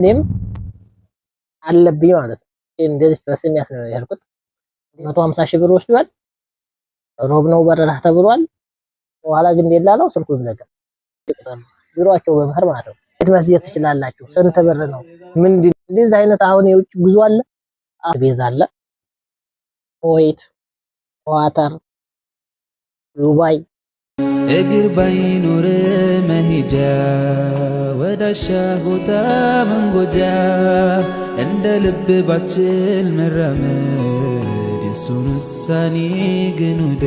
እኔም አለብኝ ማለት ነው። እንደዚህ በስሜት ነው ያልኩት። 150 ሺህ ብር ወስዷል። ሮብ ነው በረራ ተብሏል። በኋላ ግን ነው ስልኩ ዘጋ። ቢሮአቸው በመኸር ማለት ነው። ቤት መስደት ትችላላችሁ። ስንት ብር ነው? ምንድን እንደዚህ አይነት አሁን የውጭ ጉዞ አለ፣ ቤዛ አለ፣ ኩዌት፣ ኳታር፣ ዱባይ እግር ባይኖር መሄጃ ወዳሻ ቦታ መንጎጃ እንደ ልብ ባችል መራመድ የሱን ውሳኔ ግን ወደ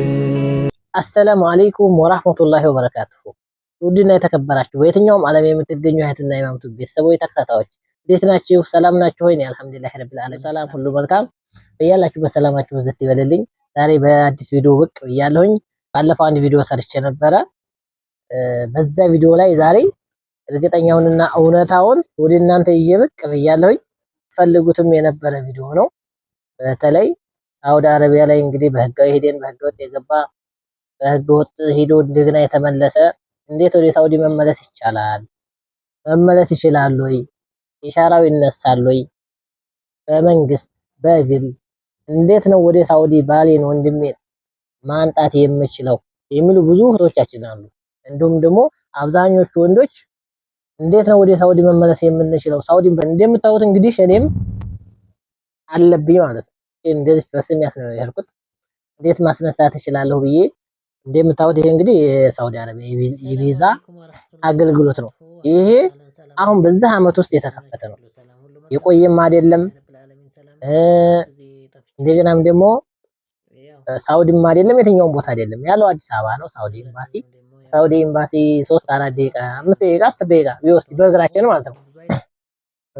አሰላሙ አለይኩም ወራህመቱላሂ ወበረካቱሁ። ውድና የተከበራችሁ በየትኛውም ዓለም የምትገኙ እህትና የማምቱ ቤተሰቦች ተከታታዮች እንዴት ናችሁ? ሰላም ናችሁ ሆይ? አልሐምዱሊላሂ ረብል ዓለሚን ሰላም ሁሉ መልካም። በያላችሁበት ሰላማችሁ ብዝት ይበልልኝ። ዛሬ በአዲስ ቪዲዮ ብቅ ብያለሁኝ። ባለፈው አንድ ቪዲዮ ሰርቼ ነበረ። በዛ ቪዲዮ ላይ ዛሬ እርግጠኛውንና እውነታውን ወደ እናንተ ይዤ ብያለሁኝ። ፈልጉትም የነበረ ቪዲዮ ነው። በተለይ ሳውዲ አረቢያ ላይ እንግዲህ በህጋዊ ሄደን በህገ ወጥ የገባ በህገ ወጥ ሄዶ እንደገና የተመለሰ እንዴት ወደ ሳውዲ መመለስ ይቻላል? መመለስ ይችላል ወይ? ኢሻራው ይነሳል ወይ? በመንግስት በግል እንዴት ነው ወደ ሳውዲ ባሌን ወንድሜን ማንጣት የምችለው የሚሉ ብዙ እህቶቻችን አሉ። እንዲሁም ደግሞ አብዛኞቹ ወንዶች እንዴት ነው ወደ ሳውዲ መመለስ የምንችለው? ሳውዲ እንደምታዩት እንግዲህ እኔም አለብኝ ማለት ነው። እንደዚህ በስም ነው ያልኩት። እንዴት ማስነሳት እችላለሁ ብዬ እንደምታዩት ይሄ እንግዲህ የሳውዲ አረቢያ የቪዛ አገልግሎት ነው። ይሄ አሁን በዚህ አመት ውስጥ የተከፈተ ነው። የቆየም አይደለም። እንደገናም ደግሞ ሳውዲም አይደለም የትኛውም ቦታ አይደለም ያለው አዲስ አበባ ነው። ሳውዲ ኤምባሲ ሳውዲ ኤምባሲ ሶስት አራት ደቂቃ አምስት ደቂቃ አስር ደቂቃ ቢወስድ በእግራችን ማለት ነው።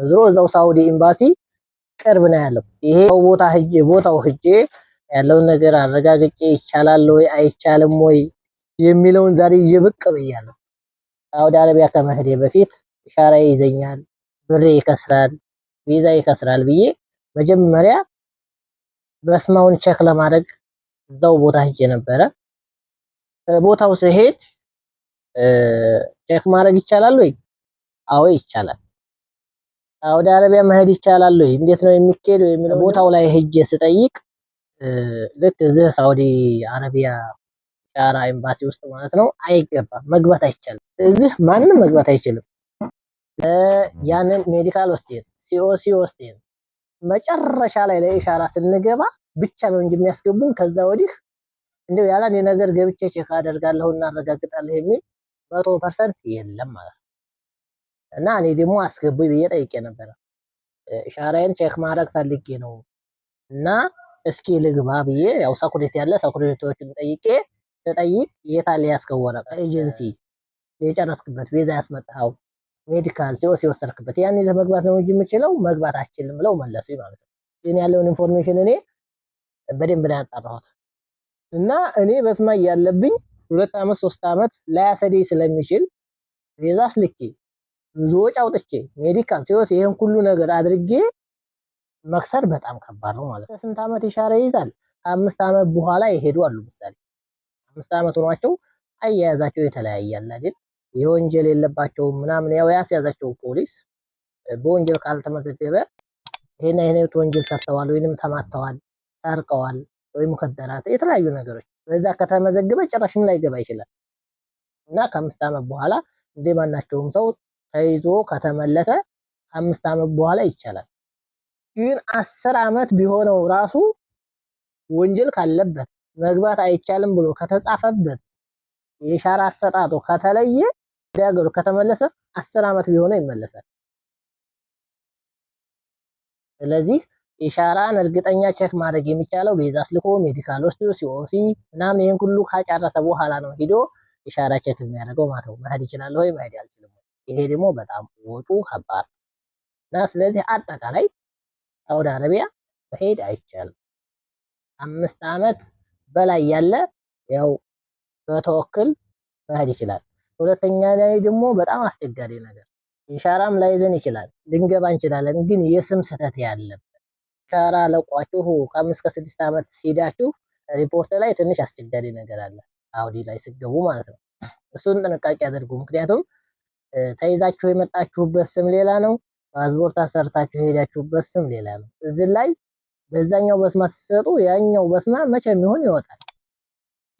ዞሮ እዛው ሳውዲ ኤምባሲ ቅርብ ነው ያለው። ይሄ ቦታ ህጄ ቦታው ህጄ ያለውን ነገር አረጋግጬ ይቻላል ወይ አይቻልም ወይ የሚለውን ዛሬ ይዤ ብቅ ብያለሁ። ሳውዲ አረቢያ ከመሄዴ በፊት ኢሻራ ይዘኛል፣ ብሬ ይከስራል፣ ቪዛ ይከስራል ብዬ መጀመሪያ በስማውን ቸክ ለማድረግ እዛው ቦታ ሄጄ ነበረ። ቦታው ስሄድ ቼክ ማድረግ ይቻላል ወይ? አዎ ይቻላል። ሳውዲ አረቢያ መሄድ ይቻላል ወይ? እንዴት ነው የሚካሄደው የሚለው ቦታው ላይ ሄጄ ስጠይቅ ልክ እዚህ ሳውዲ አረቢያ ሻራ ኤምባሲ ውስጥ ማለት ነው አይገባም፣ መግባት አይቻልም። እዚህ ማንም መግባት አይችልም። ያንን ሜዲካል ወስደን ሲኦሲ ወስደን መጨረሻ ላይ ለኢሻራ ስንገባ ብቻ ነው እንጂ የሚያስገቡን ከዛ ወዲህ እንደው ያላን የነገር ገብቼ ቼክ አደርጋለሁ እናረጋግጣለሁ የሚል መቶ ፐርሰንት የለም ማለት ነው። እና እኔ ደግሞ አስገቡ ብዬ ጠይቄ ነበረ። ኢሻራዬን ቼክ ማድረግ ፈልጌ ነው እና እስኪ ልግባ ብዬ ያው ሰኩሪቲ ያለ ሰኩሪቲዎችን ጠይቄ ስጠይቅ የታለ ያስገወረ ኤጀንሲ የጨረስክበት ቤዛ ያስመጣኸው ሜዲካል ሲወስ የወሰድክበት ያን ይዘህ መግባት ነው እንጂ የምችለው መግባት አችልም ብለው መለሱ ማለት ነው። ግን ያለውን ኢንፎርሜሽን እኔ በደንብ ነው ያጣራሁት። እና እኔ በስማ ያለብኝ ሁለት ዓመት ሶስት ዓመት ላያሰደኝ ስለሚችል ቤዛ ስልኬ ብዙ ወጪ አውጥቼ ሜዲካል ሲወስ ይህን ሁሉ ነገር አድርጌ መክሰር በጣም ከባድ ነው ማለት ነው። ስንት ዓመት የሻረ ይይዛል? ከአምስት ዓመት በኋላ የሄዱ አሉ። ምሳሌ አምስት ዓመት ሆኗቸው አያያዛቸው የተለያየ አለ አይደል? የወንጀል የለባቸውም ምናምን ያው ያስያዛቸው ፖሊስ በወንጀል ካልተመዘገበ ይሄን አይነት ወንጀል ሰርተዋል ወይንም ተማተዋል ታርቀዋል ወይ ሙከደራት የተለያዩ ነገሮች በዛ ከተመዘገበ ላይ ገባ ይችላል እና ከአምስት ዓመት በኋላ እንደ ማናቸውም ሰው ተይዞ ከተመለሰ ከአምስት ዓመት በኋላ ይቻላል። ግን አስር ዓመት ቢሆነው ራሱ ወንጀል ካለበት መግባት አይቻልም ብሎ ከተጻፈበት የሻራ አሰጣጦ ከተለየ ወደ ሀገሩ ከተመለሰ አስር ዓመት ቢሆነው ይመለሳል። ስለዚህ ኢሻራን እርግጠኛ ቼክ ማድረግ የሚቻለው ቤዛ ስልኮ ሜዲካል ወስዶ ሲኦሲ ምናምን ይህን ሁሉ ካጨረሰ በኋላ ነው ሂዶ ኢሻራ ቼክ የሚያደርገው ማለት ነው። መሄድ ይችላል ወይ መሄድ አልችልም። ይሄ ደግሞ በጣም ወጡ ከባድ እና ስለዚህ አጠቃላይ ሳውዲ አረቢያ መሄድ አይቻልም። አምስት አመት በላይ ያለ ያው በተወክል መሄድ ይችላል። ሁለተኛ ላይ ደግሞ በጣም አስቸጋሪ ነገር ኢሻራም ላይዘን ይችላል ልንገባ እንችላለን፣ ግን የስም ስህተት ያለም ተራ ለቋችሁ ከአምስት ከስድስት ዓመት ሲሄዳችሁ ሪፖርት ላይ ትንሽ አስቸጋሪ ነገር አለ። አውዲ ላይ ስገቡ ማለት ነው። እሱን ጥንቃቄ አድርጉ። ምክንያቱም ተይዛችሁ የመጣችሁበት ስም ሌላ ነው፣ ፓስፖርት አሰርታችሁ የሄዳችሁበት ስም ሌላ ነው። እዚህ ላይ በዛኛው በስማ ሲሰጡ ያኛው በስማ መቼ የሚሆን ይወጣል።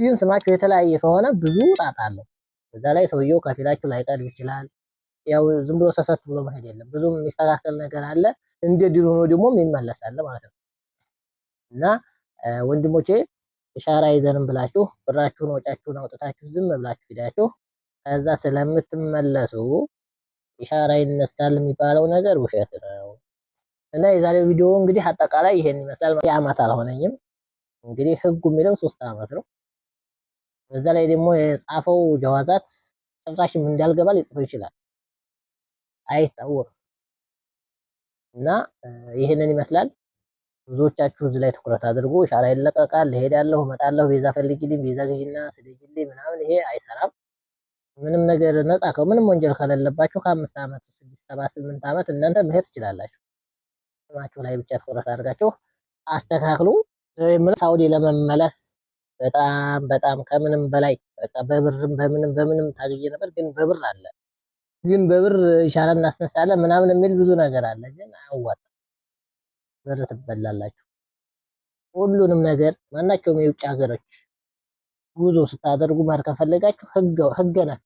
ግን ስማችሁ የተለያየ ከሆነ ብዙ ጣጣ አለው። በዛ ላይ ሰውየው ከፊላችሁ ላይቀርብ ይችላል። ያው ዝም ብሎ ሰሰት ብሎ መሄድ የለም። ብዙም የሚስተካከል ነገር አለ። እንደ ድሮ ሆኖ ደግሞ ይመለሳል ማለት ነው እና ወንድሞቼ ሻራ ይዘንም ብላችሁ ብራችሁን ወጫችሁን አውጥታችሁ ዝም ብላችሁ ሂዳችሁ ከዛ ስለምትመለሱ ኢሻራ ይነሳል የሚባለው ነገር ውሸት ነው። እና የዛሬው ቪዲዮ እንግዲህ አጠቃላይ ይሄን ይመስላል። የአመት አልሆነኝም እንግዲህ ህጉ የሚለው ሶስት አመት ነው። በዛ ላይ ደግሞ የጻፈው ጀዋዛት ጭራሽም እንዳልገባል ሊጽፈው ይችላል። አይታወቅም እና ይህንን ይመስላል። ብዙዎቻችሁ እዚህ ላይ ትኩረት አድርጉ። ሻራ ይለቀቃል፣ እሄዳለሁ፣ እመጣለሁ፣ ቤዛ ፈልጊልኝ፣ ቤዛ ግዢና ስደጅልኝ ምናምን፣ ይሄ አይሰራም። ምንም ነገር ነፃ ከው ምንም ወንጀል ከሌለባችሁ ከአምስት ዓመት ስድስት ሰባት ስምንት ዓመት እናንተ መሄድ ትችላላችሁ። ስማችሁ ላይ ብቻ ትኩረት አድርጋችሁ አስተካክሉ። ሳውዲ ለመመለስ በጣም በጣም ከምንም በላይ በቃ በብርም በምንም በምንም ታግዬ ነበር፣ ግን በብር አለ ግን በብር ኢሻራ እናስነሳለን ምናምን የሚል ብዙ ነገር አለ። ግን አያዋጣም። ብር ትበላላችሁ። ሁሉንም ነገር ማናቸውም የውጭ ሀገሮች ጉዞ ስታደርጉ ማር ከፈለጋችሁ ህገ ነክ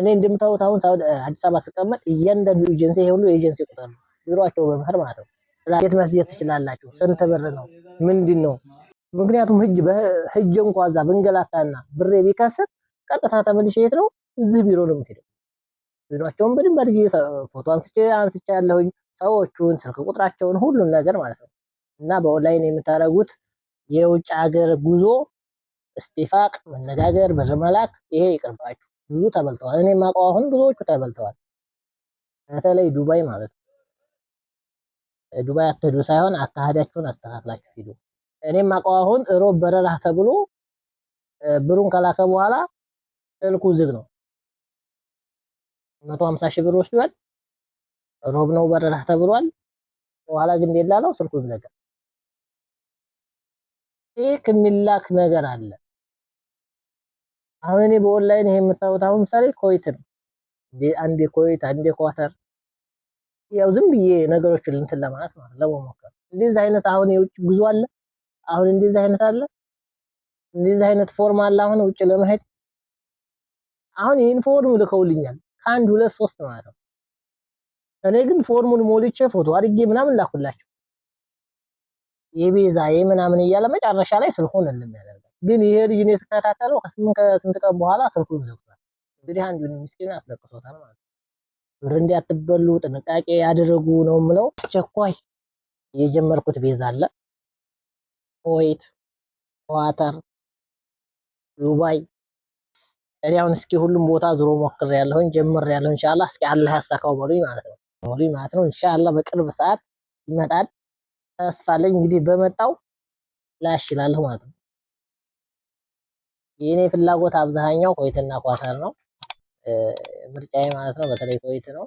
እኔ እንደምታወት አሁን አዲስ አበባ ስቀመጥ እያንዳንዱ ኤጀንሲ ሁሉ ኤጀንሲ ቁጥር ነው ቢሮአቸው በመሄድ ማለት ነው። ስለየት መስጀት ትችላላችሁ? ስንት ብር ነው? ምንድን ነው? ምክንያቱም ህጅ በህጅ እንኳ እዛ ብንገላታና ብሬ ቢከስር ቀጥታ ተመልሼ የት ነው እዚህ ቢሮ ነው የምትሄደው። ልጇቸውን በደንብ አድርጌ ፎቶ አንስቼ አንስቼ ያለሁኝ ሰዎቹን ስልክ ቁጥራቸውን ሁሉን ነገር ማለት ነው። እና በኦንላይን የምታደርጉት የውጭ ሀገር ጉዞ እስቲፋቅ፣ መነጋገር፣ ብር መላክ ይሄ ይቅርባችሁ። ብዙ ተበልተዋል። እኔ የማውቀው አሁን ብዙዎቹ ተበልተዋል። በተለይ ዱባይ ማለት ነው። ዱባይ አትሄዱ ሳይሆን አካሄዳችሁን አስተካክላችሁ ሂዱ። እኔ የማውቀው አሁን እሮብ በረራ ተብሎ ብሩን ከላከ በኋላ ስልኩ ዝግ ነው። መቶ ሀምሳ ሺህ ብር ወስዷል። ሮብ ነው በረራ ተብሏል። በኋላ ግን ደላላው ስልኩን ዘጋ። ፌክ የሚላክ ነገር አለ። አሁን እኔ በኦንላይን ይሄ የምታዩት አሁን ምሳሌ ኮይት ነው። አንዴ ኮይት፣ አንዴ ኳተር፣ ያው ዝም ብዬ ነገሮችን እንትን ለማለት ማለት ለመሞከር እንደዚህ አይነት አሁን የውጭ ጉዞ አለ። አሁን እንደዚህ አይነት አለ። እንደዚህ አይነት ፎርም አለ። አሁን ውጭ ለመሄድ አሁን ይህን ፎርም ልከውልኛል። አንድ ሁለት ሶስት ማለት ነው። እኔ ግን ፎርሙን ሞልቼ ፎቶ አድጌ ምናምን ላኩላቸው የቤዛ የምናምን እያለ መጨረሻ ላይ ስልኩን እንደሚያደርገው ግን ይሄ ልጅ ነው የተከታተለው። ከስምንት ከስንት ቀን በኋላ ስልኩን ዘግቷል። እንግዲህ አንዱን ምስኪን አስለቅሶታል ማለት ነው። ብር እንዳትበሉ ጥንቃቄ ያደረጉ ነው ምለው አስቸኳይ የጀመርኩት ቤዛ አለ ሆይት ዋተር ዱባይ እኔ አሁን እስኪ ሁሉም ቦታ ዞሮ ሞክር ያለሁኝ ጀምር ያለሁ እንሻላ እስኪ አላህ ያሳካው በሉኝ ማለት ነው በሉኝ ማለት ነው። እንሻላ በቅርብ ሰዓት ይመጣል ተስፋ አለኝ። እንግዲህ በመጣው ላሽ ይላለሁ ማለት ነው። የእኔ ፍላጎት አብዛኛው ኮይትና ኳታር ነው ምርጫዬ ማለት ነው። በተለይ ኮይት ነው።